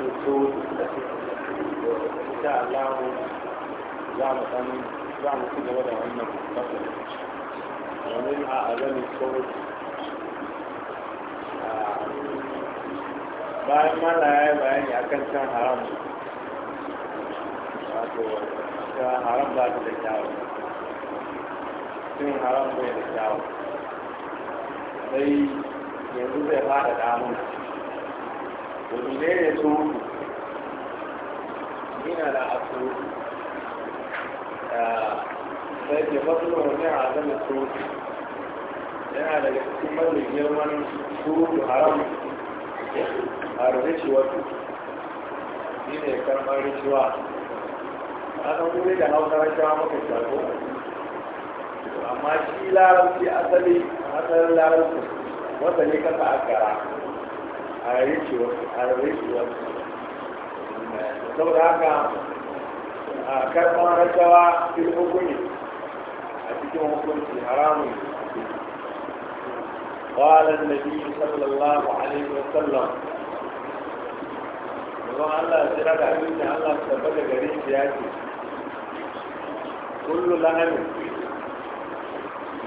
wannan so insha Allah za mu san za mu ci gaba da wannan fasalin domin a azamin so ah, bayan mala ya yi bayani a kan can haram wato can haram ba su da kyawu cin haram bai da kyawu sai yanzu zai fada damuna domin ne ne surutu yana da asurutu sai ke fasu da wani a zama surutu yana daga cikin mafi girman surutu haram a rikiwar shi ne karɓar rikiwa a kan kuma da hausa rikiwa maka shago amma shi larabci asali asalin larabci wata ne kasa a kara a rishi wasu a rishi wasu saboda haka a karɓar rashawa fil hukumi a cikin hukunci haramun قال النبي صلى الله عليه وسلم don Allah jira da abinci Allah su tabbata gare shi ya ce kullu lahani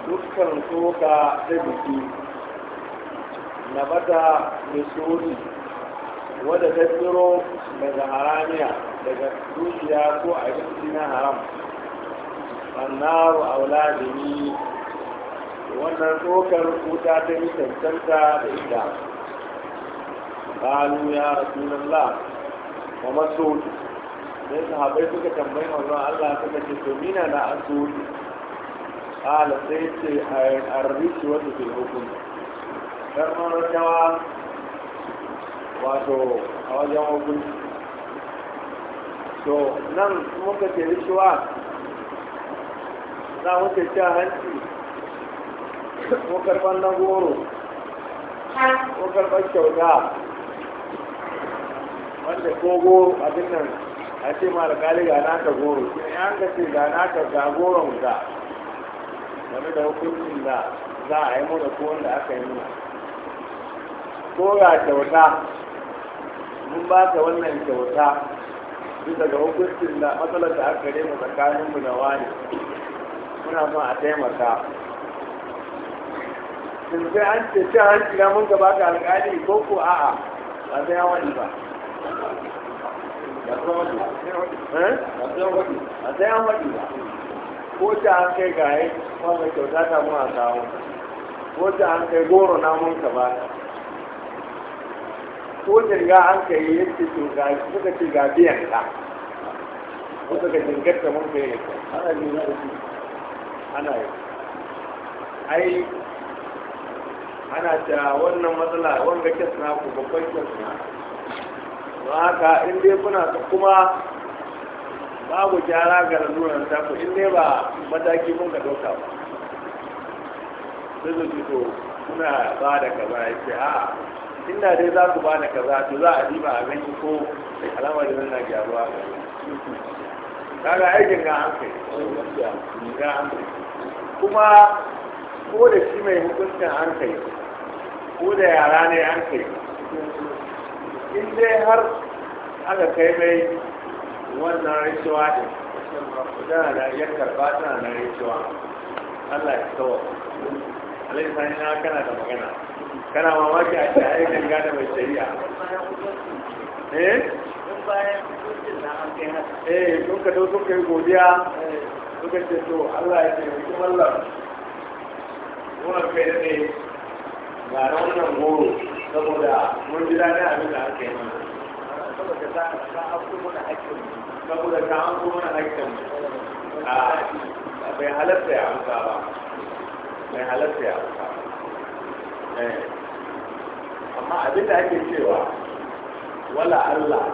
dukkan soka ta jiki na mata misuri wadda ta tsiro daga haramiya daga dukiya ko abinci na haram annaru auladini wannan tsokar wuta ta yi cancanta da ita ya يا رسول الله وما السود sai sahabai suka tambayi manzon Allah suka ce to na asuli ala sai ce a rishi wata fil hukunta karfin rashawa wato a wajen hukunci to nan muka ce rishuwa na wuce cin hanci ko karfan na goro ko karfan kyauta wanda ko goro abin nan a ce ma alƙali ga naka goro shi ne an gace ce ga naka ga goron ga game da hukuncin da za a yi mu da ko aka yi muna ko ga kyauta mun ba ta wannan kyauta bisa ga hukuncin da matsalar da aka tsakanin tsakaninmu da wani muna son a taimaka sun sai an ce cin hanci na mun gaba ga alƙali ko ko a'a ba sai ya wani ba ba sai ya wani ba ko ta an kai gaye wanda kyauta ta mun a kawo ko ta an kai goro na mun ka ba ko jirga an ka yi yadda to ga suka ce ga biyan ka ko suka jirgarta mun ka ana yi na uku ana yi ai ana ta wannan matsala wanda ke na ku babban ke na don haka in dai kuna kuma babu gyara ga lalurar ta ku in dai ba mataki mun ka ɗauka ba sai su fito kuna ba da kaza ya ce a'a inda dai za ku bani kaza to za a diba a gani ko alamar da na gyaruwa kaga aikin ga hankali ga hankali kuma ko da shi mai hukuncin hankali ko da yara ne hankali in dai har aka kai mai wannan rashawa din tana da yan karba tana da rashawa Allah ya kawo alaihi sani na kana da magana kana mamaki a tare da gane mai shari'a eh eh sun ka dau sun kai godiya ka ce to Allah ya ce ki mallam wannan kai ne ga wannan goro saboda mun ji dadi abin da aka yi saboda ta ta aku mana hakkin saboda ta aku mana hakkin a bai halatta ya amsa ba bai halatta ya amsa ba eh. amma abin da ake cewa wala Allah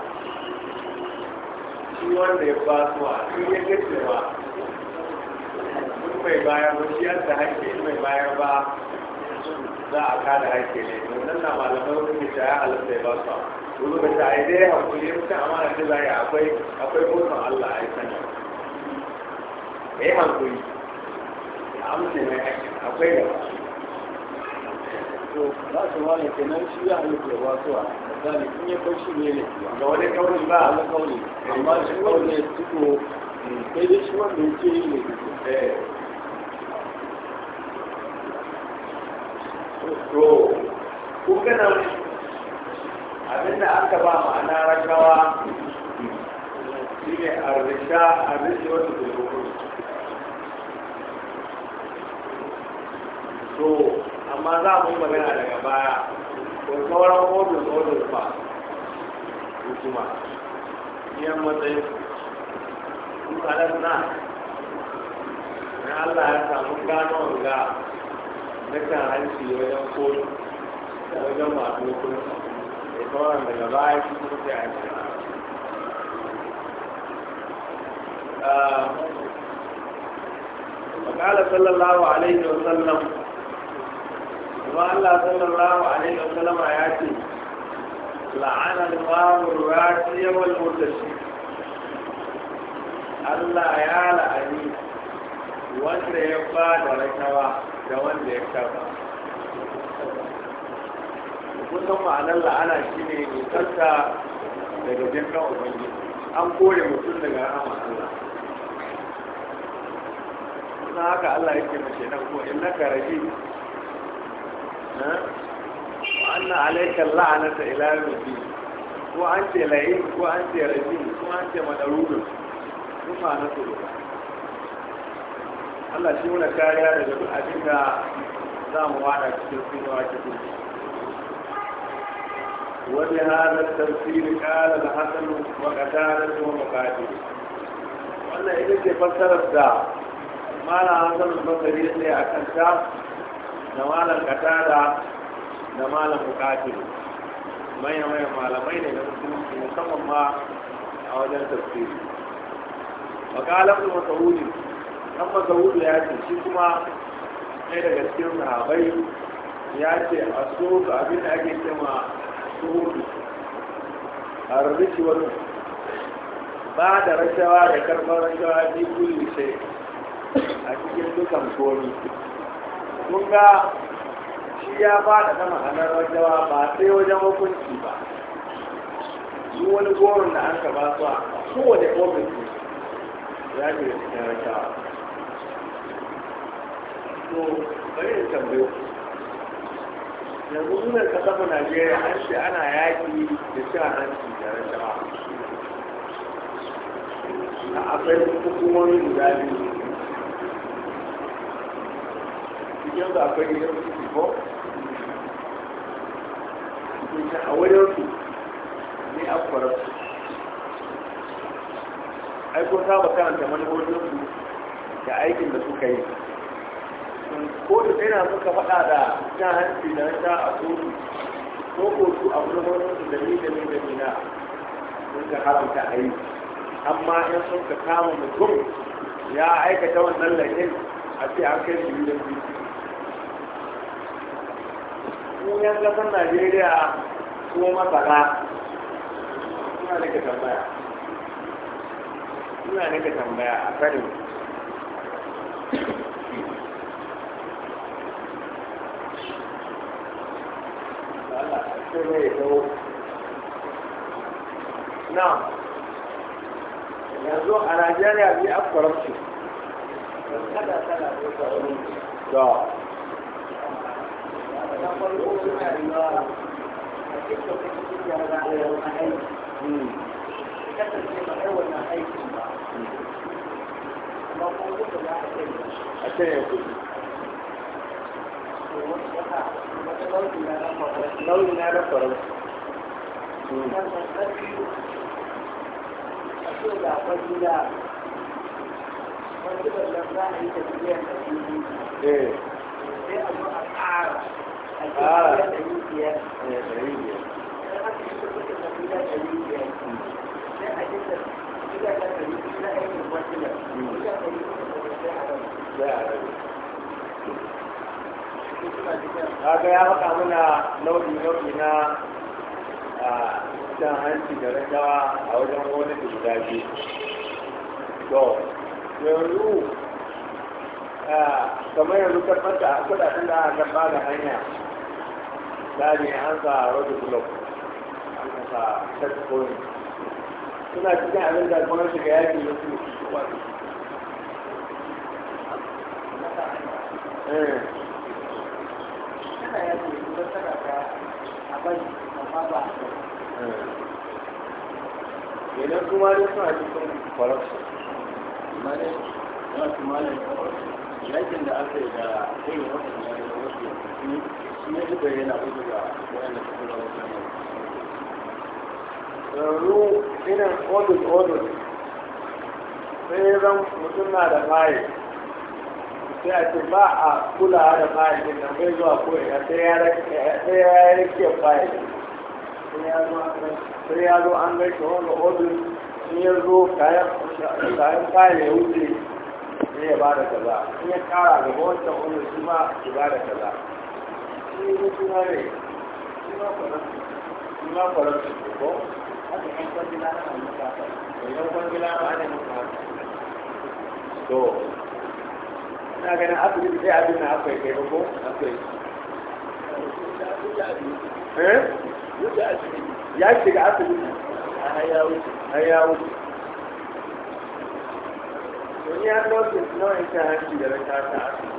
shi wanda ya ba su a shi ya ga cewa mai bayan ba da yadda hake mai bayan ba za a kada hake ne wannan na malamai wani ke shaya a ya ba su wani ba ta yi dai hau ya mutum amma na ce zai akwai akwai kusan Allah a yi sani ya yi hakuri a amince mai akwai da ba to za su wani kenan shi ya halittu ya wasu a misali sun yi kai shi ne ne ga wani kauli ba a kauli amma shi wanda ya fito eh, sai dai shi wanda ya ce yi ne eh. to kun gana abinda aka ba ma'ana rakawa shi ne arrisha arrisha wata da hukumi to amma za mu yi magana daga baya ko sauran odun odun ba hukuma biyan matsayin su halar na na Allah ya samu gano ga nakan hanci wajen kotu da wajen masu hukunta da sauran daga baya su kuma sai a yi وقال صلى الله عليه وسلم kuma Allah sallallahu alaihi wasallama ya ce la'ana al-ma'mur rasiya wal mutashi Allah ya la'ani wanda ya ba da rakawa da wanda ya kafa kusan ma'anar la'ana shi ne nitarta daga jirgin ubangiji an kore mutum daga rahama Allah na haka Allah yake mace nan ko in naka rabi وأن عليك اللعنة إلى المدين وأنت لئيم وأنت رجيم وأنت مدرود ثم نقول الله شيمنا كاريا رجل أبيك دام وعنا كتبين وعكتبين ولهذا التمثيل قال الحسن وقتالة ومقاتل وأن إذا كفلت رفضا ما لا أنزل البصرية لأكل شخص da malam katada da malam bukatu manya-manyan malamai ne su musulunci musamman ma a wajen tafsiri makalar da masaudi ɗan masaudi ya ce shi kuma ɗaya daga cikin sahabai ya ce a so ga abin da ake cewa suhudu a rubuci wani ba da rashawa da karɓar rashawa bi kulli a cikin dukan komi kun shi ya ba da ta mahanar wajawa ba sai wajen hukunci ba yi wani goron da an ka ba su a kowane ofis ya ke da cikin rashawa so bari da tambayo yanzu sunan kasar najeriya an ce ana yaki da cin hanci da rashawa a akwai hukumomi guda biyu cikin da akwai gidan su ko cikin a wajen su ne a kwarar su ai ko ta ba karanta manufofin su da aikin da suka yi ko da sai na suka faɗa da ta hanci da ta a kotu ko ko su a manufofin su da ni da ni da ni na sun ka haramta a yi amma in sun ka kama mutum ya aikata wannan lahin a ce an kai shi gidan su in yan kasar najeriya ko masara suna nika tambaya tambaya a karin na yanzu a najeriya bi a corruption da nauyi na na faru da kwanci da wani a yi da kuma sai a a ya ah, haka muna nau'i-nau'i na cin hanci da rashawa a wajen wani da guda biyu to yanzu kamar yanzu karfata kudaden da aka gaba da hanya misali an sa road block an sa point suna cikin abin da kuma shiga yaki da su kuma ne suna cikin corruption amma ne suna cikin a yakin da aka yi da kai wasan da wasu yankin yanzu irin odun-odun sai zan mutum na da maye sai a ce ba a kula da maye din nan bai zuwa ko'ina sai ya rike maye sai ya zo an gaishe wanda odun in ya zo kayan maye ya wuce sai ya ba da kaza in ya kara gaba wancan odun shi ma ya ba da kaza Yeah, no, no, it's not a good idea.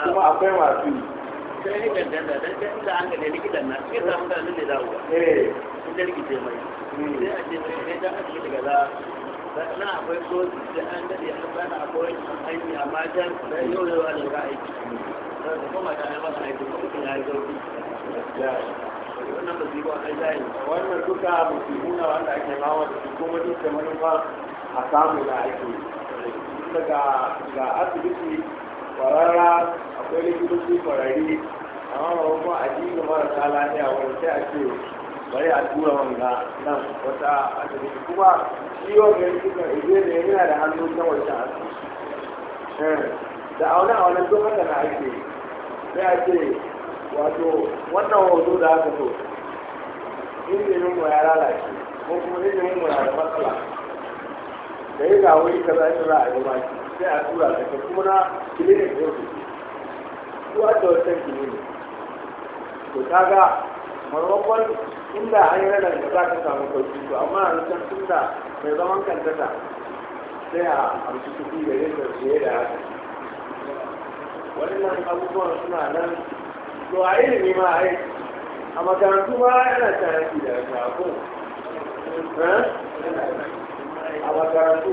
kuma akwai masu yi sai ne ganganta ta inda an gane likitan na sai da eh likita mai hmm. sai a ce daga za akwai an an akwai da yau ga aiki kuma da masa aiki kuma ya wannan zai wannan duka musibu na wanda ake da kuma duk da manufa a samu da aiki daga ga asibiti farara akwai likitoci farari amma ba kuma a ji ga marasa lafiya wani sai a ce bari a tura wanga nan wata asibiti kuma shi wani likitan ije ne yana da hannu ta wacce asibiti eh, da auna wani duk haka na ake sai a ce wato wannan hoto da aka so ilimin mu ya lalace ko kuma ilimin mu na da matsala da yi ga wuri kaza shi za a yi baki sai a tura da ka kuma na clinic ɗin su su a da wancan clinic to kaga marmakon inda an yi ranar da za ka samu sauki to amma a wancan tunda mai zaman kantata sai a amshi kuɗi da yadda fiye da haka Wannan abubuwan suna nan to a ilimi ma a yi a makarantu ma yana tarihi da shago eh? a makarantu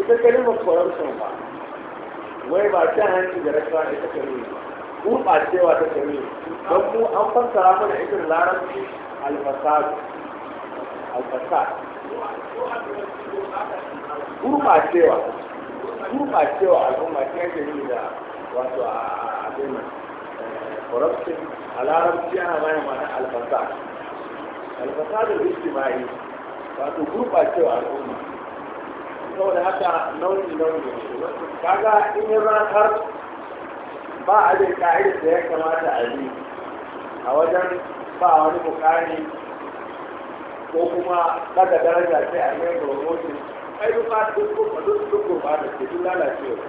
اسے کری وہ کیا ہزار والد آشتے ہو تو ہزارم کیا الساطی بائی تو گروپ آشتے ہو saboda haka nauyi nauyi kaga in yi ba a jin ka'idar da ya kamata a yi a wajen ba wani bukari ko kuma daga daraja sai a mai promotion ai duk ba duk kuma duk duk ba da ke duk lalacewa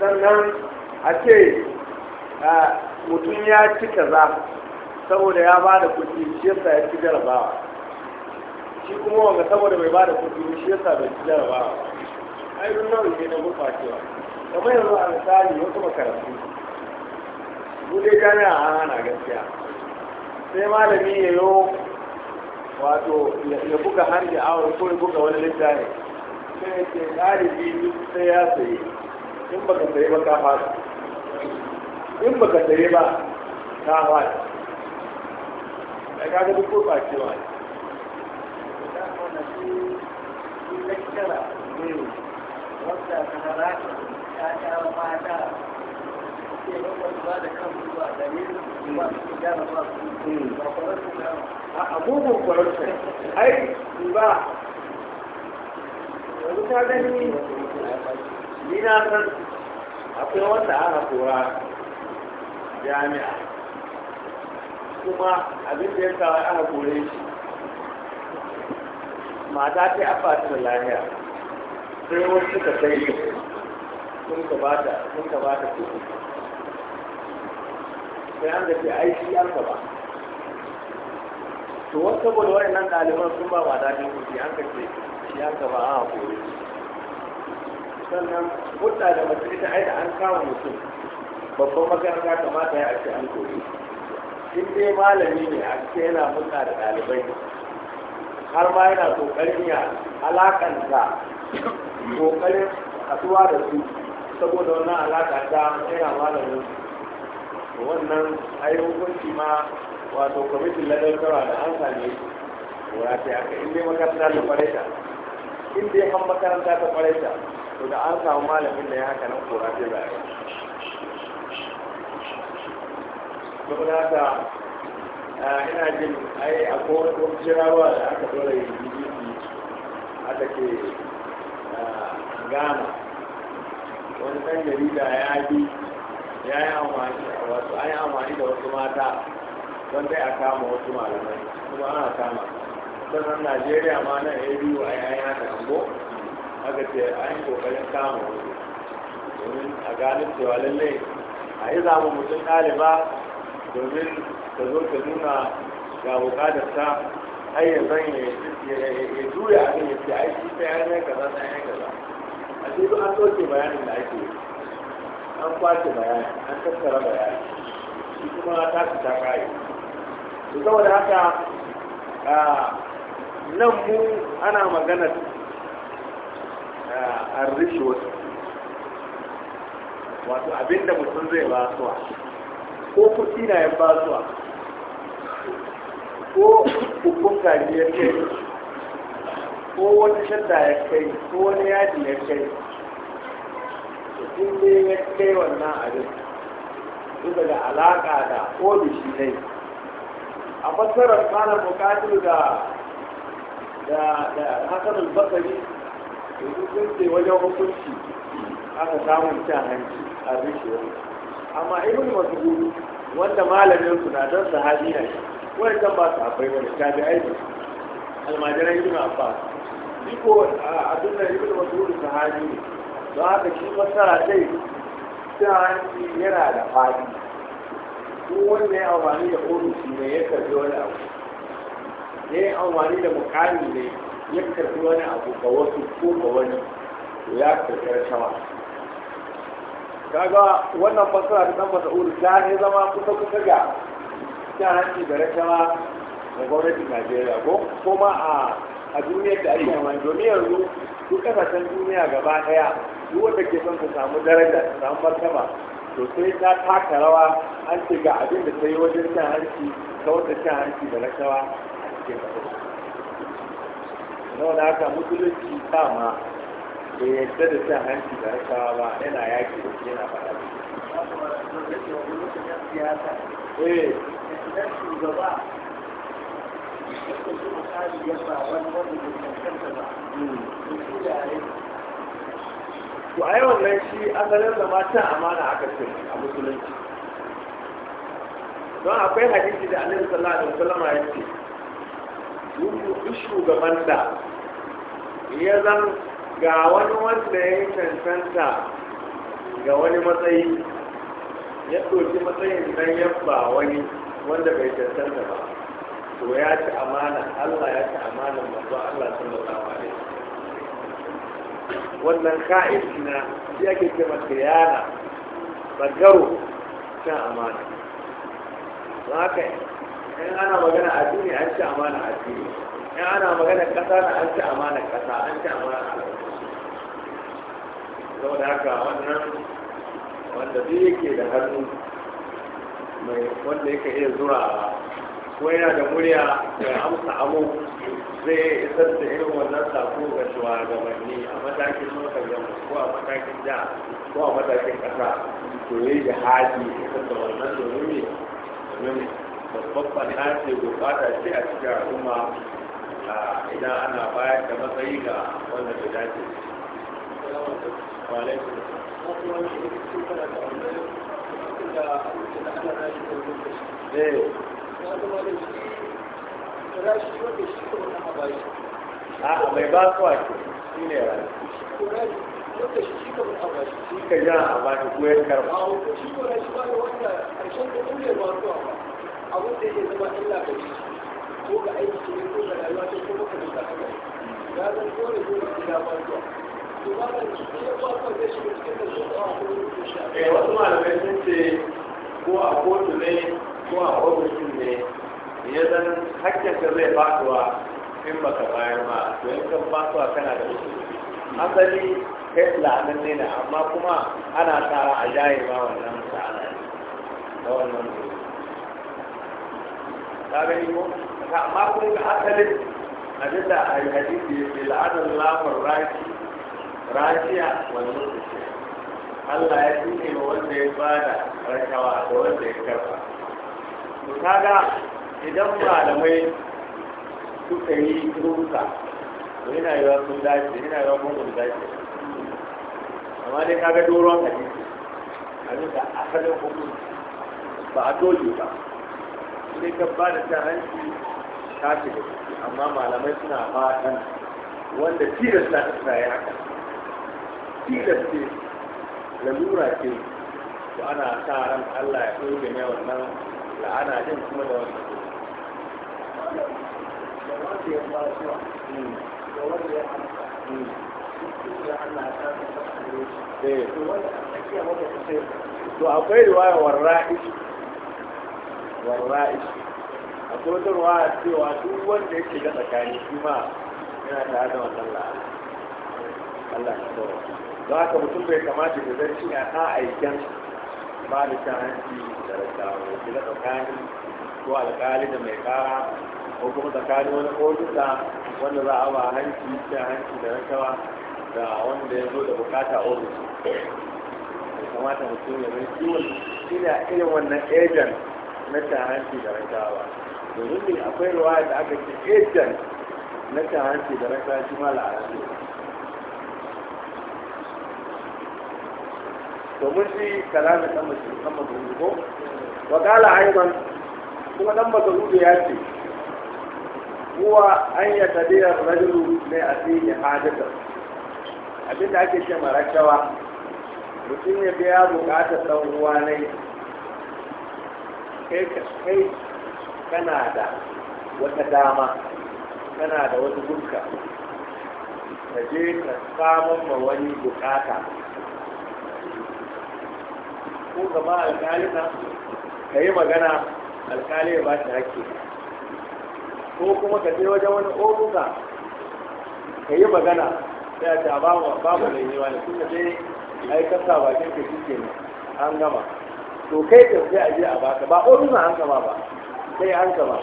sannan a ce mutum ya ci kaza saboda ya ba da kuɗi shi yasa ya ci jarabawa shi kuma wanga saboda bai ba da kuɗi shi ya sa bai ci jarabawa ai duk nan ne na cewa kamar yanzu a misali wasu makarantu mu dai jami'a an hana gaskiya sai malami ya yo wato ya buga hanji awon ko ya buga wani littafi sai ya ce ɗalibi sai ya sayi in baka sayi ba ka fara in baka sayi ba ka fara da kaga duk gurɓacewa ne tara wadda ta haraka ta tara mata ke ba da kan zuwa gare su ba su gyara ba su ba kwararsu ba a abubuwan kwararsu ai ba yanzu ta gani ni na san akwai wanda aka kora jami'a kuma abin da ya kawai aka kore shi mata ta a fata da lahiya sai wasu suka sai shi sun ka ba ta sun ka ba ta kuɗi sai an gaji aiki an ka ba to wasu saboda nan ɗaliban sun ba mata ta kuɗi an ka ce ya ka ba a hakuri sannan hudda da mace ita aida an kama mutum babban makaranta kamata ya ake an koyi in dai malami ne a ce yana hulɗa da ɗalibai har ma yana kokarin ya alakanta kokarin kasuwa da su saboda wannan alaka ta yana malamin wannan ayi hukunci ma wato kwamitin ladaukarwa da an same ya wata aka in dai makaranta ta kwaraita in dai kan makaranta ta kwaraita to da an samu malamin da ya haka nan kora ce za yi. Saboda haka Ah, ina jin ai a kowane jirawa da aka dole yi yi aka ke ah, gana wani ɗan jarida ya bi ya yi amfani wasu an yi amfani da wasu mata don dai a kama wasu malamai kuma ana kama sannan najeriya ma na ya biyu a yayin haka ango aka ce an yi kokarin kama wasu domin a ganin cewa lallai a yi zamu mutum ɗaliba domin ka zo ka nuna ga bukatar ta har ya zan ya juya a ya ce aiki ta ya ne kaza ta ya kaza a cikin an soke bayanin da ake an kwace bayani an tattara bayani shi kuma ta su ta kayi to saboda haka nan mu ana maganar an rishe wasu wato abinda mutum zai ba su ko kuɗi na ya basuwa ko hukun gari ya kai ko wani shadda ya kai ko wani yaji ya kai sun dai ya kai wannan abin bisa daga alaƙa da shi ne a fassarar kana buƙatar da da da hasanul basari da sun ce wajen hukunci aka samun cin hanci a rishiyar amma ibn mas'ud wanda malamin su na dan sahabi ne wai kan ba su akwai wani tabi'ai ne almajiran ibn abbas shi ko abin da ibn mas'ud sahabi ne don haka shi masara dai sahabi yana da fadi duk wanda ya amfani da ofishi ne ya karbi wani abu ya amfani da mukami ne ya karbi wani abu ga wasu ko ga wani ya karbi rashawa kaga wannan fasara da dan uru ta ne zama kusa kusa ga cin hanci da rashawa da gwamnatin Najeriya ko kuma a a duniya da ake yawan domin yanzu duk kasashen duniya gaba daya duk wanda ke son ta samu daraja ta samu martaba to sai ta taka rawa an ce ga abin da ta yi wajen cin hanci ta wata cin hanci da rashawa a cikin kasashe. Nau da haka musulunci ma? bai yadda da sa hanci da rashawa ba yana yaki da shi yana faɗa da eh. to a yawan nan shi asalin da mata amana aka ce a musulunci don akwai hadisi da annabi sallallahu alaihi wasallam ya ce duk shugaban da ya zan ga wani wanda ya yi cancanta ga wani matsayi ya ɗauki matsayin nan ba wani wanda bai cancanta ba to ya ci amana Allah ya ci amanan manzo Allah sun sallallahu alaihi wannan ka'idi na shi ake ce masa yana bagaro cin amana haka in ana magana duniya an ci amana a duniya in ana magana ƙasa na an ci amanar ƙasa an ci amanar da haka wannan wanda duk yake da hannu mai wanda yake iya zura ko yana da murya mai amsa amu zai isar da irin wannan sako ga shugabanni a matakin motar yamma ko a matakin da ko a matakin ƙasa to yi da haji isar da wannan domin ne domin babban ce bukata ce a cikin al'umma idan ana bayar da matsayi ga wanda bai dace eh. a mai ba su ake shi ne shi ka ja a ba shi goyon karfa shi ko rashi ba da wanda ƙarshen da ɗin ne ba su abin da ya zama illa ga shi ko ko ya ba a eh wasu malamai sun ce ko a kotu ne ko a ofishin ne ya zan hakkin ka zai faduwa in baka bayar ma to in kan kana da musulmi asali kai la'anin ne amma kuma ana tsara a jaye ma wannan sa'ana ne da wannan ta gani ko ta amma kuma ga asalin abin da a yi hadisi ya ce la'adar lamar rashi, rakiya wani lokaci Allah ya tuke ma wanda ya bada rashawa da wanda ya karfa to kaga idan malamai suka yi rusa to yana yi sun dace yana yi kuma sun dace amma dai kaga doron hadisi abin da asalin hukunci ba a dole ba sai ka bada ta hanci kafin da amma malamai suna fatan wanda tilasta ta tsaye haka ce lalura ce to ana sa ran Allah ya ɗauke mai wannan la'ana jin kuma da wannan eh, to akwai riwaya warra'ish warra'ish akwai wata ruwa cewa duk wanda ya shiga tsakani shi ma yana tare da wannan la'ana Allah ya kawo don haka mutum bai kamata da zai shiga a aikin ba da ta hanci da rasawa ya shiga tsakani ko alƙali da mai kara ko kuma tsakanin wani ofisa wanda za a ba hanci da hanci da rasawa da wanda ya zo da bukata ofis ya kamata mutum ya zai ne. ina irin wannan ejen na ta hanci da rasawa domin ne akwai ruwa da aka ce ejan na kan hanci da na kashi mala a rasu domin shi kalamin dan mutum kan mazurudu ko wakala aiban kuma dan da ya ce kuwa an yi tadiyar rajulu mai asiri hajjatar abinda ake ce cewa mutum ya biya bukatar ɗan uwa ne kai kana da wata dama kana da wata gurka ka je ka samun ma wani bukata ko gaba alkalina ka yi magana alkali ya ba shi hake ko kuma ka je wajen wani obuka ka yi magana sai ta babu mu ba mu ne kuma dai ai ka sa bakin ka shi an gama to kai ka sai a je a baka ba obuka an gama ba sai an gaba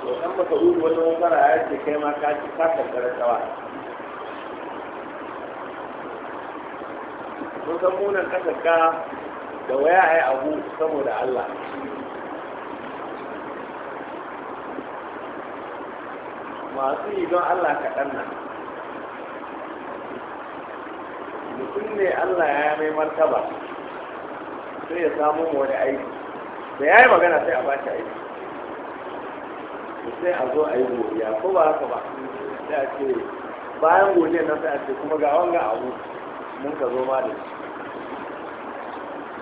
to dan baka uru wata wakara ya ce kai ma ka ci ka kankara tawa mun san munan kasaka da waya ai abu saboda Allah masu yi don Allah kaɗan nan mutum ne Allah ya mai martaba sai ya samu wani aiki da ya yi magana sai a ba shi aiki sai a zo a yi godiya ko ba haka ba sai a ce bayan godiya na sai a ce kuma ga wanga abu mun ka zo ma da shi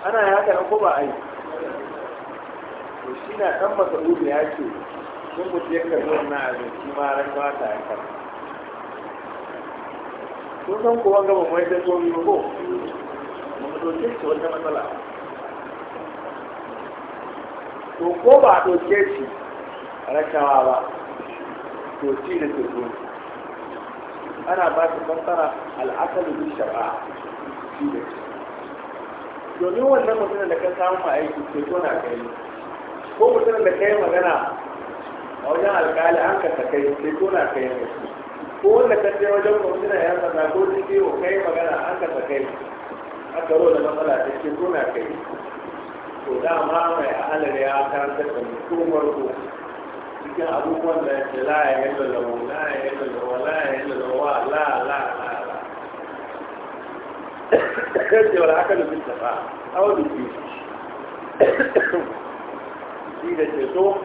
ana yi haka ko ba a yi shi na ɗan masa'udu ya ce sun mutu ya karbi na abinci ma ran ba ta ya sun san kowa gaba mai da zo biyu ko mun mu ɗauke shi wata matsala ko ba a doke shi ركاوة توتينة تكون أنا بات بطرة العسل بالشبعة توتينة يوم يوم لما تنا لك سامة أي تكتونا كي هو مثلا لكي مغنى أو جاء القال عنك تكي تكتونا كي هو لك تكتونا جاء لما تنا يا سامة كي وكي مغنى عنك تكي أكرو لما في تكتونا كي وداما ما أهل رياضة أنت تكتونا كي cikin abubuwan da ke la ya yi lalawa la ya yi lalawa la ya yi lalawa la la la la cewar haka da bisa ba awon da ke shi da ceto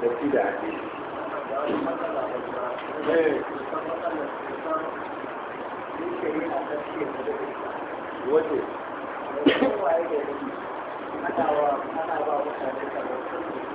da shi da ake wace ana ba mutane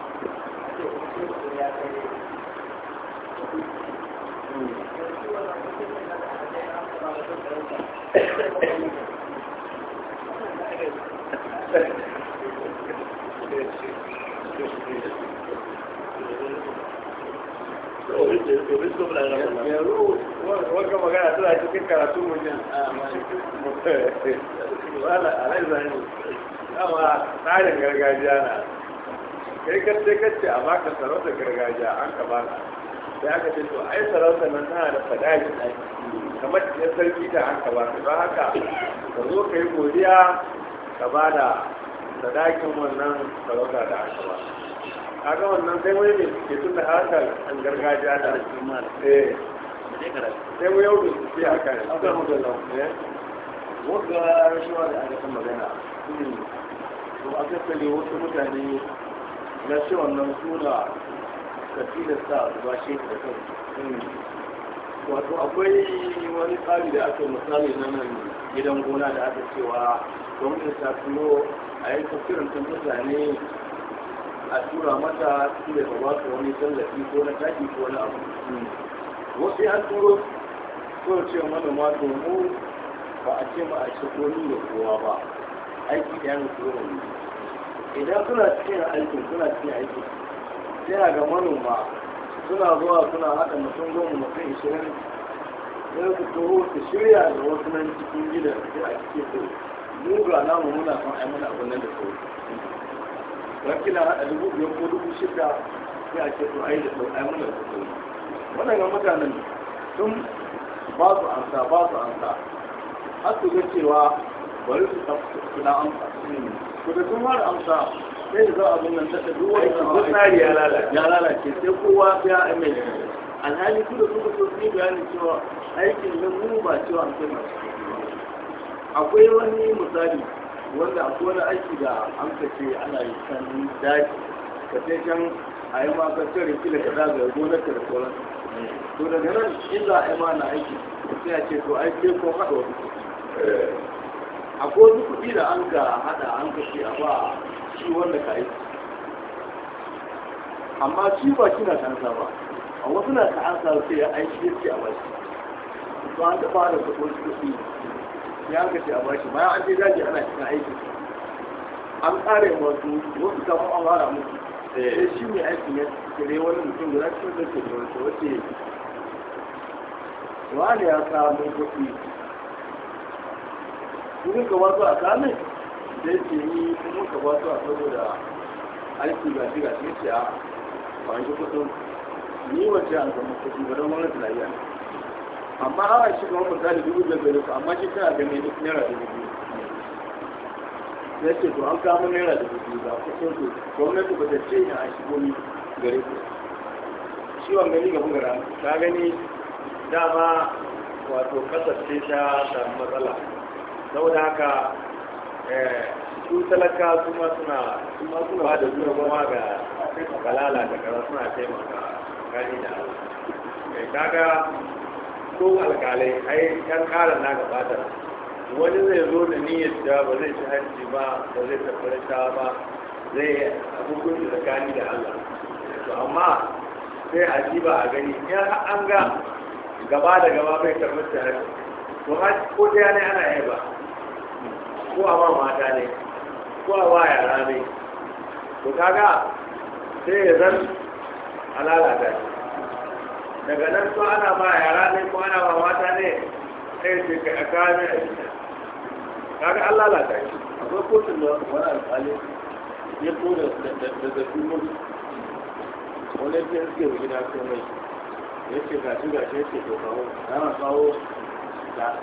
wanda magana suna cikin karatu mutum wala tsarin gargajiya na kai kan sai ka ce a baka sarauta gargajiya an ka ka sai aka ce to ai sarauta nan tana da fadaki kamar ya sarki da an ka baka don haka ka zo ka yi godiya ka ba da sadakin wannan sarauta da aka ba kaga wannan sai wani ne ke tun da harkar an gargajiya da eh sai wani yau da su ce haka ne akwai mu da eh. wanda rashawa da aka san magana to a kasance wasu mutane na ce wannan suna ka tilasta a ba shi da kan hmm. wato akwai wani tsari da aka misali na nan gidan gona da aka cewa gwamnati ta tafiyo a yi tafiyar ta mutane a tura mata su da ba su wani tallafi ko na taki ko na abu hmm. wasu ya turo ko ce manoma to mu ba a ce ba a ce ko ni da kowa ba aiki ɗaya na turo ne idan suna cikin aikin suna cikin aikin sai ga manoma suna zuwa suna haɗa mutum goma mutum ishirin sai su taho su shirya da wasu nan cikin gidan sai a cikin su muga na namu muna son ai muna abin nan da sauri wakilan haɗa dubu biyar ko dubu shida sai a ce su ai da sauri ai muna da sauri waɗannan mutanen sun ba su ansa ba su ansa har su ga cewa bari su ɗan amsa hmm. kuda sun amsa sai da za a lalace ya lalace sai kowa ya amai alhali kuda kuka so su bayanin cewa aikin nan mu ba cewa an kai masu akwai wani misali wanda akwai wani aiki da an kace ana yi kan daji ka sai can a yi ma ka cire kila ka zaga gonar ka da sauran to daga nan in za a yi ma na aiki sai a ce to ko haɗa wani akwai wani kuɗi da an ga hada an kashe a ba shi wanda ka yi amma shi ba shi na kansa ba a wasu na kansa sai ya aiki ya ce a ba shi ba an taɓa da kuɗin kuɗi ya ka ce a ba shi bayan an ce daji ana cikin aiki an ƙare wasu wasu kama an wara musu sai eh, shi ne aikin ya kire wani mutum guda cikin da ke da wace wace wani ya samu kuɗi wurin ka wasu a kamin da yake yi kuma ka wasu a saboda aiki ga shi ga shi ce a kwanci kudin ni wace an zama kudi ba don wani tunaniya amma awa shi kamar misali dubu da gari ku amma shi kana ga mai naira dubu biyu ya ce to an kama naira dubu biyu ga kusan to gwamnati ba ta ce ni a shigo ni gari ku shi wa gani ga bugara ta gani dama wato kasar ce ta samu matsala saboda haka eh, su talaka su ma suna suna ba da goma ga kalala da kara suna taimaka gani da mai eh, kaga ko alkalai ai yan kara na gabata wani zai zo da niyyar da ba zai ci hanci ba ba zai tabbarta ba zai abubuwan da tsakani da allah to amma sai a ji ba a gani in an ga gaba da gaba bai karɓar ta hanci to ko ta yana ana yaba ko a ma mata ne ko a waya yara ne to kaga sai ya zan alalata shi daga nan ko ana ma yara ne ko ana ma mata ne sai ce ka a kayan a shi kaga an lalata shi akwai kotun da wani alƙali ya so da zafi mun wani ya ce suke gida ko mai ya ce gashi gashi ya ce to kawo na kawo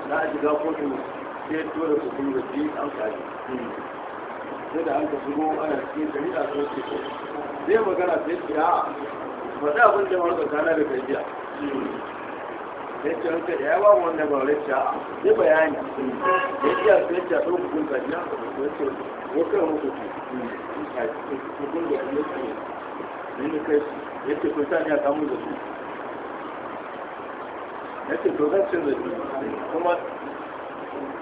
na a shiga kotun sai dole su kun da biyu an kaji sai da an ka shigo ana cikin gari a sun ce zai magana sai ce a faɗi abin da wani tsakana da gajiya ya ce ranka ya yawa wanda ba wani zai bayani ya ce a sai ce a ɗauka kun kaji na ya ce wakar muku ce hukun da ya ce ne kai ya ce kun sani a kamun da su ya ce to zan cin da kuma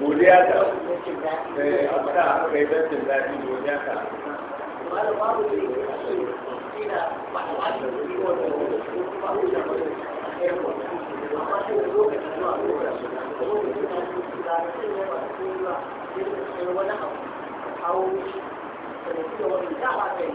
godiya ta eh, da aka yi godiya ta wani abu a da da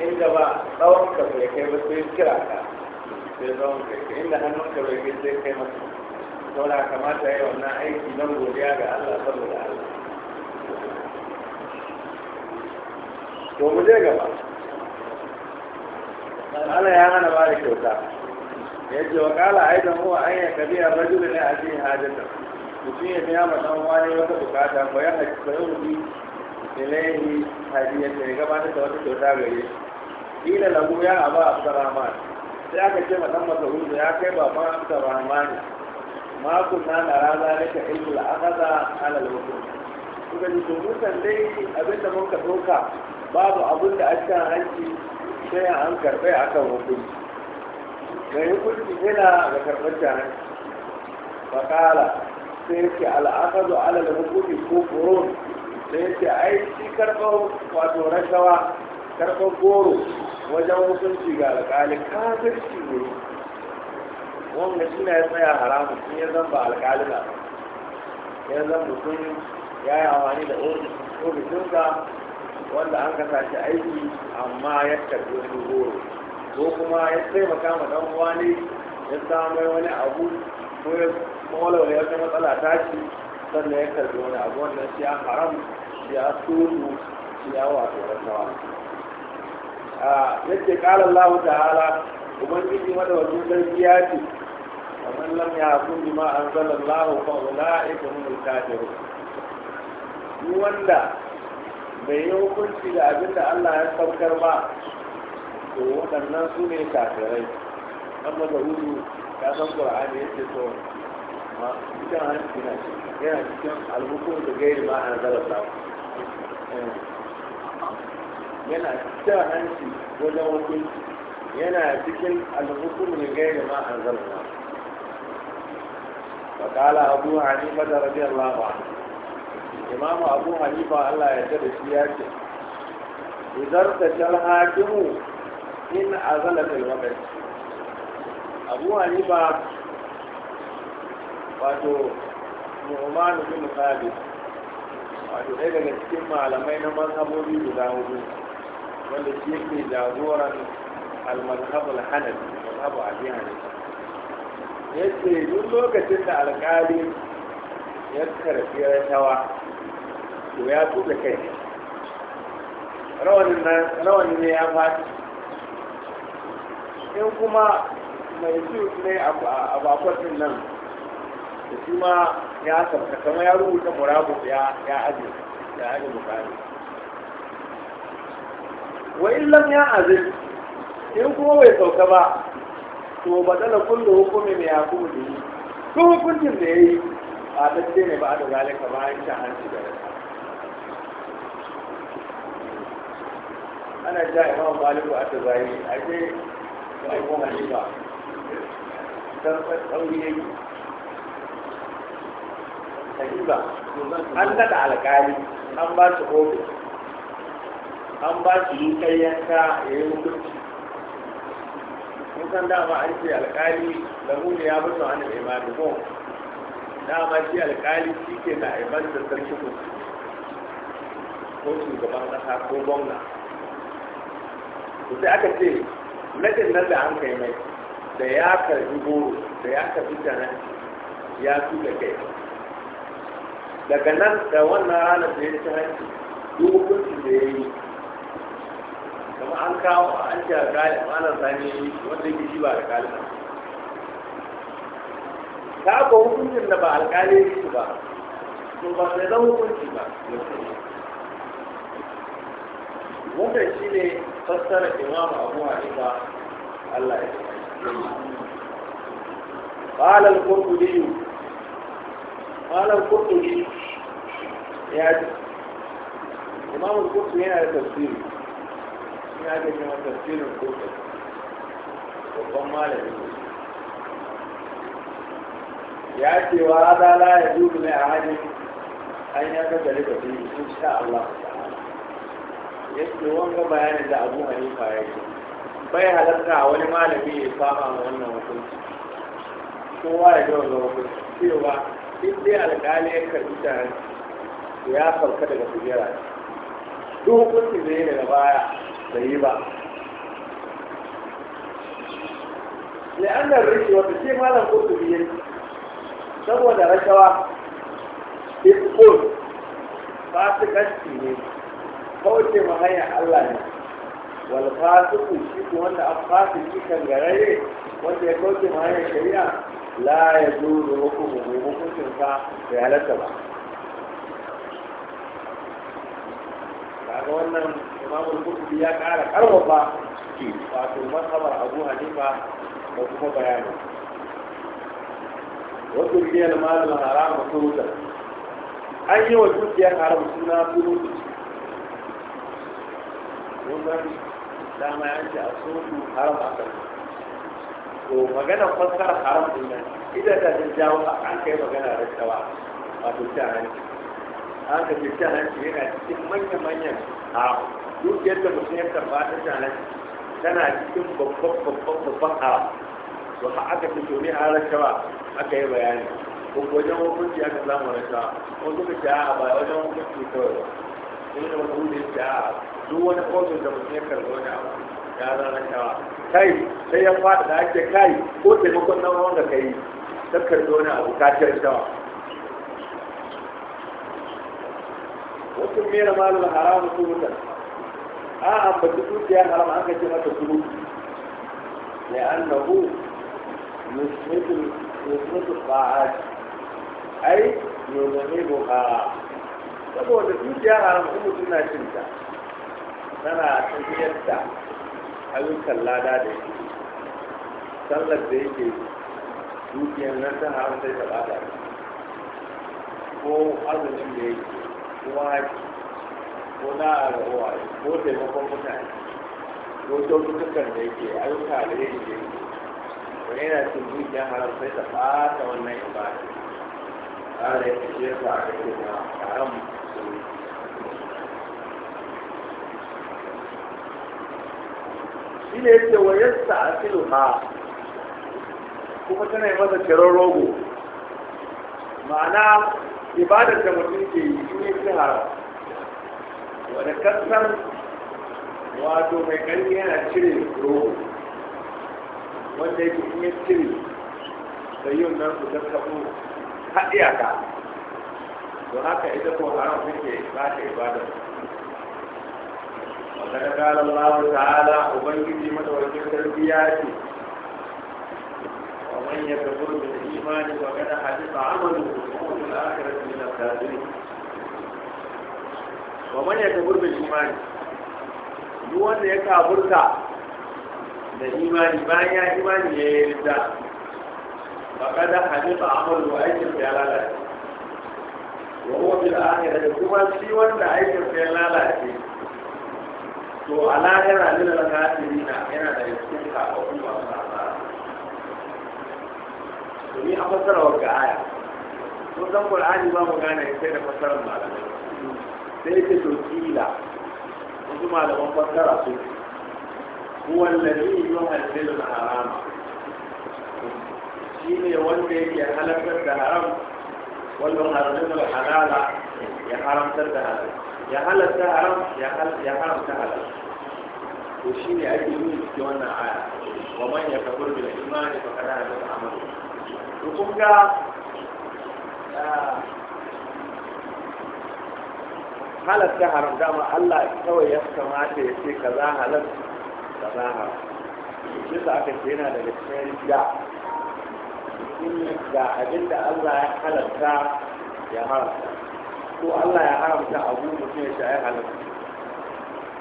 inda ba tsawon ka bai kai ba sai kira ka sai tsawon ka inda hannun ka bai kai sai kai masa saboda kamata ya yi wannan aiki don godiya ga Allah saboda Allah to mu je gaba Allah ya hana ba da kyauta ya ce wa kala a aidan huwa an ya kabiya ba rajulu ne a cikin hajjata mutum ya biya ma dan wani wata bukata ko ya haƙi ko ya da ilaihi hadiyata ya gabata da wata kyauta gare shi ila lagu ya aba abdurrahman sai aka ce ma dan mazahu ya kai baban abdurrahman ma kunna na raza ilmu la akaza ala al-wukul kuka ji to mutan dai abinda mun ka doka babu abin da aka hanci sai an karbe akan hukunci mai hukunci yana da karɓar jahanci fakala sai yake al'akazu alal hukuki ko koron sai ke ai shi karɓar wato rashawa karɓar goro wajen hukunci ga alƙali kafirci ne wanda shi ya tsaya haramun sun ya zamba alƙali na ya zamba sun ya yi amfani da ofisinsa wanda an kasa shi aiki amma ya karɓi wani goro ko kuma ya taimaka ma dan wani ya samu wani abu ko ya wani wata matsala ta shi sannan ya karɓi wani abu wannan shi ya haram shi ya tsoro shi ya wato rasawa yake kala Allah ta'ala ubangiji madawacin sarki ya ce a lam ya kun ji ma an zala Allah fa ita humul kafirun ni wanda bai yi hukunci da abin da Allah ya saukar ba to waɗannan su ne kafirai an maza hudu ya san Qur'ani yace to ma cikin hanci na yana cikin alhukun da gairi ma an zala Allah eh. yana cikin hanci wajen hukunci yana cikin alhukum da ga yi ma an zarfa wa kala abu hanifa da rabiyar lafa imamu abu hannu ba allah ya ce da shi ya ce idan ta shal hakimu in a zala da wadai abu hanifa wato mu'umanu bin khalid wato ɗaya daga cikin malamai na mazhabobi guda hudu wanda shi yake jagoran al-mazhab al-hanafi mazhab abi hanifa yace duk lokacin da alƙali ya karfi rashawa to ya tuka kai rawanin nan rawanin ne ya faɗi in kuma mai suit ne a bakwatin nan da shi ma ya sabta kama ya rubuta murabu ya ajiye ya ajiye bukari wa illam ya azin in kuma bai sauka ba to badala kullu hukumi mai yakumu da yi ko hukuncin da ya yi ba ta ne ba da zalika bayan shan hanci da rasa ana ja imam maliku a ta zahiri a ce ba kuma hanifa dan tsauri ya yi hanifa an daɗa alƙali an ba shi ofis an ba shi dukan yanka ya yi mutunci kusan dama an ce alkali da mu ya bi su hannun imami ko dama shi alkali shi ke na aibar da sarki ko ko shugaban kasa ko gwamna sai aka ce nadin nan da an kai mai da ya karbi goro da ya karbi janar ya da kai daga nan da wannan ranar da ya ci hanci duk hukuncin da ya yi kuma an kawo an ce kali malar sani wanda yake shi ba alkali ba ta ko hukuncin da ba alkali shi ba to ba sai zan hukunci ba wanda shi ne fassara imam abu hanifa allah ya قال القرطبي قال القرطبي يعني إمام القرطبي هنا تفسيره Ya ake shi masa filin kofi babban malami ya ce wa hada la ya dubu ne a hajji an ya ga gari da biyu sun sha Allah ya ce wanga bayanin da abu hanifa ya ce bai halatta a wani malami ya fama wannan hukunci kowa ya ga wanda hukunci cewa in dai alƙali ya karbi tare ya farka daga kujera duk hukuncin da ya daga baya ba ne an la'annar rishi wata ce malam kurtubi biyu saboda rashawa su fasikanci ne kauce mahaya allah ne wal fasiku shi ko wanda an shi kan garare wanda ya kauce mahaya shari'a la ya zo da hukumu hukuncin sa da halatta ba kaga wannan imamul kutubi ya ƙara karfafa wato mazhabar abu hanifa da kuma bayani wasu malamin malam haramu surutan an yi wa dukiyar haram suna surutu wannan dama ya ce a surutu haram a kan to magana fassara haram din nan idan ta jawo a an kai magana da tsawa wato ta hanci an ka ce challenge yana cikin manya-manyan a duk yadda mutum ya karɓa ta challenge tana cikin babban babban babban a to ha aka ce to ne a rashawa aka yi bayani ko wajen hukunci aka samu rashawa ko suka ce a ba wajen hukunci kawai ba in da mutum ne ce a duk wani kofin da mutum ya karɓa wani abu ya zan rashawa kai sai ya fada da ake kai ko taimakon nan wanda ka yi ta karɓi wani abu ka ci rashawa wasu mera malin haramun surutan a ambaci dukiya haram an kace mata suru ya annahu yusmitu yusmitu fa'ad ai yuzmibu ha saboda dukiya haram in mutum na cin ta tana tafiyar da ayyukan lada da yake sallar da yake dukiyar nan ta haram sai ta bada ko azumin da yake wari ko na rawa ko taimakon mutane ko kyaututtukan da yake ayyuka da yake da yake ko yana cin zuciya haram sai ta fata wannan ibada ƙara ya fice sa a kake na haram shi ne yake wa yasta asilu ha kuma tana yi masa kiran rogo ma'ana ibadar da mutum ke yi in yi haram, wadda kasan wato mai ƙarfi yana cire roho wanda yake in yi cire da yi nan su zaskaɓo haɗiya ka don haka ita ko haram take ba ta ibadar wadda kala Allah ta'ala ubangiji madawarkin sarki ya ce wa manyan yakfur bil imani wa kana hadith amaluhu والآخرة من الكافرين ومن يكبر بالإيمان wanda ya kaburta da imani bayan ya imani ya yi rinda ba kada hadisa amalu aikin ya lalace wa huwa bil akhirah kuma shi wanda aikin ya lalace to a lahira lil kafirina yana da cikin kafafun ba sa to ni a fasara wa aya mun san qur'ani ba mu gane sai da fassarar malamai sai ta tokila wasu malaman fassara su huwa alladhi yuhaddilu al-haram shine wanda yake halakar da haram wanda haramta da halala ya haramtar da halal ya halatta haram ya haramta halal to shine ake yi cikin wannan aya wa man yakfur bil imani faqad harama amalu to kun ga halatta haram dama Allah kawai ya kamata ya ce ka za halar ka za haram shi sa aka ce yana daga cikin da ga abin da Allah ya halatta ya haramta ko Allah ya haramta abu mutum ya sha ya halatta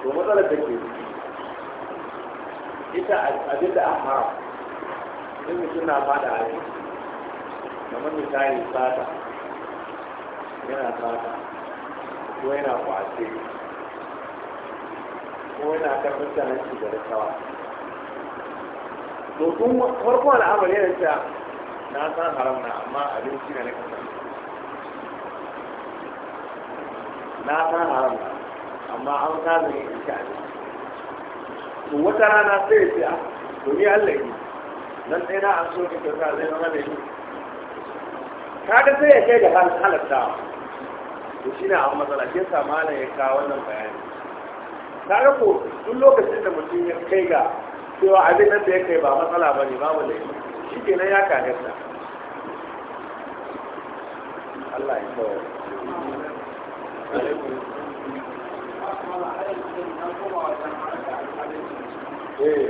to matsalar da ke ita abin da an haram in mutum na fada a yi kamar misali fata yana sata ko yana kwace ko yana kan mutanen shi da rikawa to kun farko al'amari yana cewa na san haram na amma abinci na na kasa na san haram na amma an kasa ne in ci abinci to wata rana sai ya ce a ah, domin Allah ne nan sai na an so ne kyauta zai zama da ka ga sai ya kai da halatta to shi na abu matsala ke sama na ya kawo wannan bayani ta rako tun lokacin da mutum ya kai ga cewa abin nan da ya kai ba matsala ba ne babu da shi ke nan ya kare ta Allah ya kawo Eh.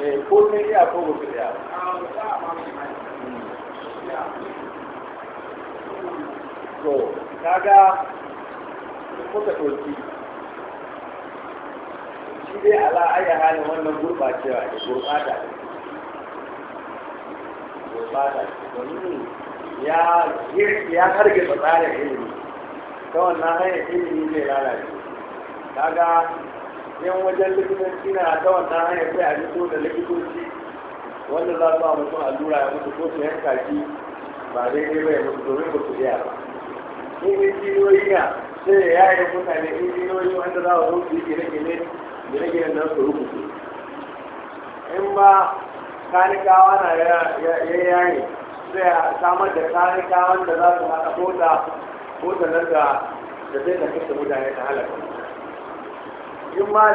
Eh, ko ne ya ko mutu da to kaga kuka ɗauki shi dai ala ayi wannan gurɓacewa da gurɓata bata domin ya ya harge tsarin ilimi ta wannan hanyar ilimi zai lalace Daga yan wajen likitanci na ta wannan hanyar sai a fito da likitoci wanda za su ba mutum allura ya mutu ko su yanka shi ba daidai ba ya mutu domin ba su biya ba in injiniyoyi na sai ya yi mutane injiniyoyi wanda za su zo su yi gine-gine gine-ginen nan su rubutu in ba kanikawa na ya yayi sai samar da kanikawan da za su haɗa mota mota nan da da zai na kashe mutane ta halaka in ma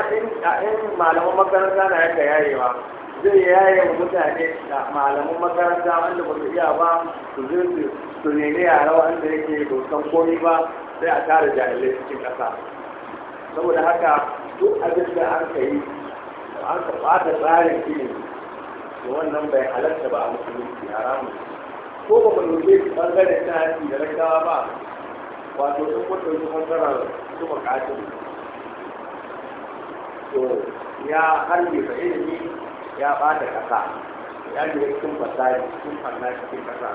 in malaman makaranta na yaka yayewa zai yaye mutane da malamin makaranta wanda ba su iya ba su zai su nemi yara wanda yake dokan komi ba sai a tara jahilai cikin ƙasa saboda haka duk abin da an ka yi an ka ɓata tsarin ilimi da wannan bai halarta ba a musulunci haramun ko ba mu ɗauke bangare ta hanci da rakawa ba wato sun mutu su ɓangaren su buƙatun to ya harbe ba ilimi ya ɓata ƙasa ya shiga cikin fasari cikin fanna cikin ƙasa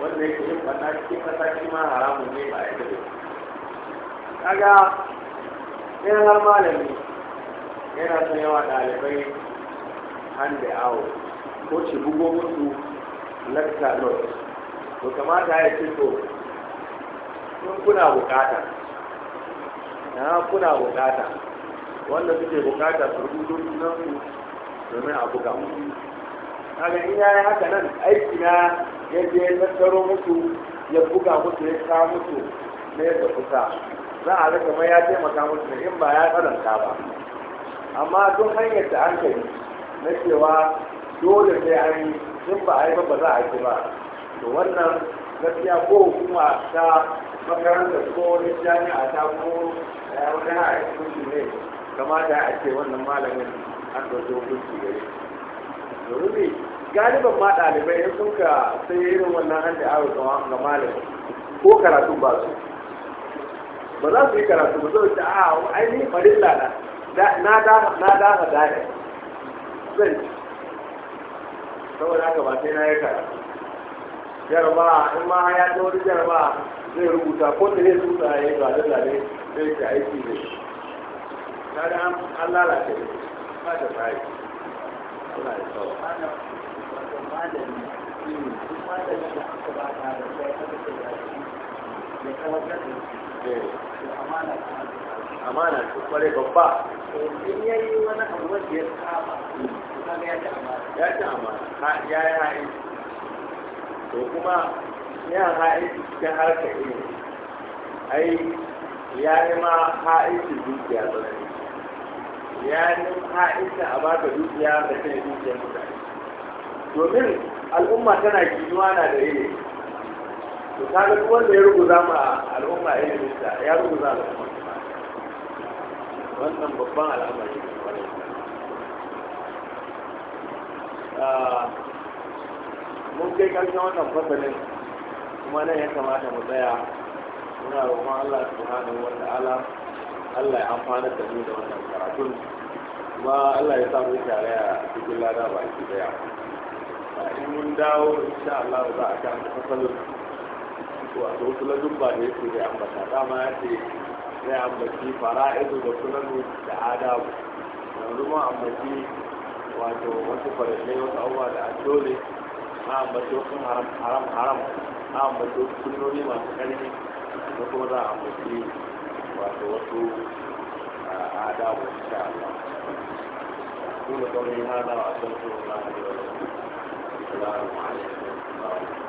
wanda yake yin fanna cikin ƙasa shi ma haramun ne ba ya gado kaga in har malami yana son yawa ɗalibai hande awo ko ce bugo musu lakta not to kamata ya ce to kun kuna bukata na kuna bukata wanda suke bukata su rubuto su domin a buga musu kaga in yayi haka nan aiki na ya je ya tattaro musu ya buga musu ya sa musu na yadda kusa za a ga kamar ya taimaka musu in ba ya tsananta ba amma duk hanyar da an kai na cewa dole sai an yi sun ba a yi ba za a yi ba to wannan gaskiya ko kuma ta makarantar ko wani jami'a ta ko eh, wani a hukunci ne kamata a ce wannan malamin an ɗauki hukunci da galiban ma ɗalibai in sun ka sai irin wannan an da ga malamin ko karatu ba su ba za su yi karatu ba zai ta a ah, ainihin farilla na na dama dama zan saboda haka ba sai na yi karatu jarba in ma ya ta wani jarba zai rubuta ko da zai tuta ya yi ba zai zane zai ta aiki ne ta da an lalace ne ba da tsari Allah eh, amana ce kwarai babba in yayi wani abu wanda ya saba hmm. ya ci amana ya yi ha'in to kuma ya ha'in cikin harka ilimi ai ya yi ma ha'in dukiya tsanani ya yi ha'in a ba baka dukiya da kan dukiyar mutane domin al'umma tana kinuwa na da ilimi to kaga duk wanda ya rubuta ma al'umma ilimin ya rubuta al'umma wannan babban al'amari ne Ah, mun kai karshen wannan fasalin kuma nan ya kamata mu tsaya muna roƙon Allah subhanahu wa ta'ala Allah ya amfana da mu da wannan karatun kuma Allah ya samu tare a cikin lada baki daya in mun dawo insha Allah za a kan fasalin wato wasu lajubba da yake da ambata dama ya ce zai ambaci fara'idu da sunanu da adabu yanzu ma ambaci wato wasu farashe wasu abubuwa da a dole a haram haram a ambaci sunnoni masu ƙarfi da kuma za a ambaci wato wasu آداب إن شاء الله أقول قولي هذا وأستغفر الله لي ولكم السلام عليكم ورحمة الله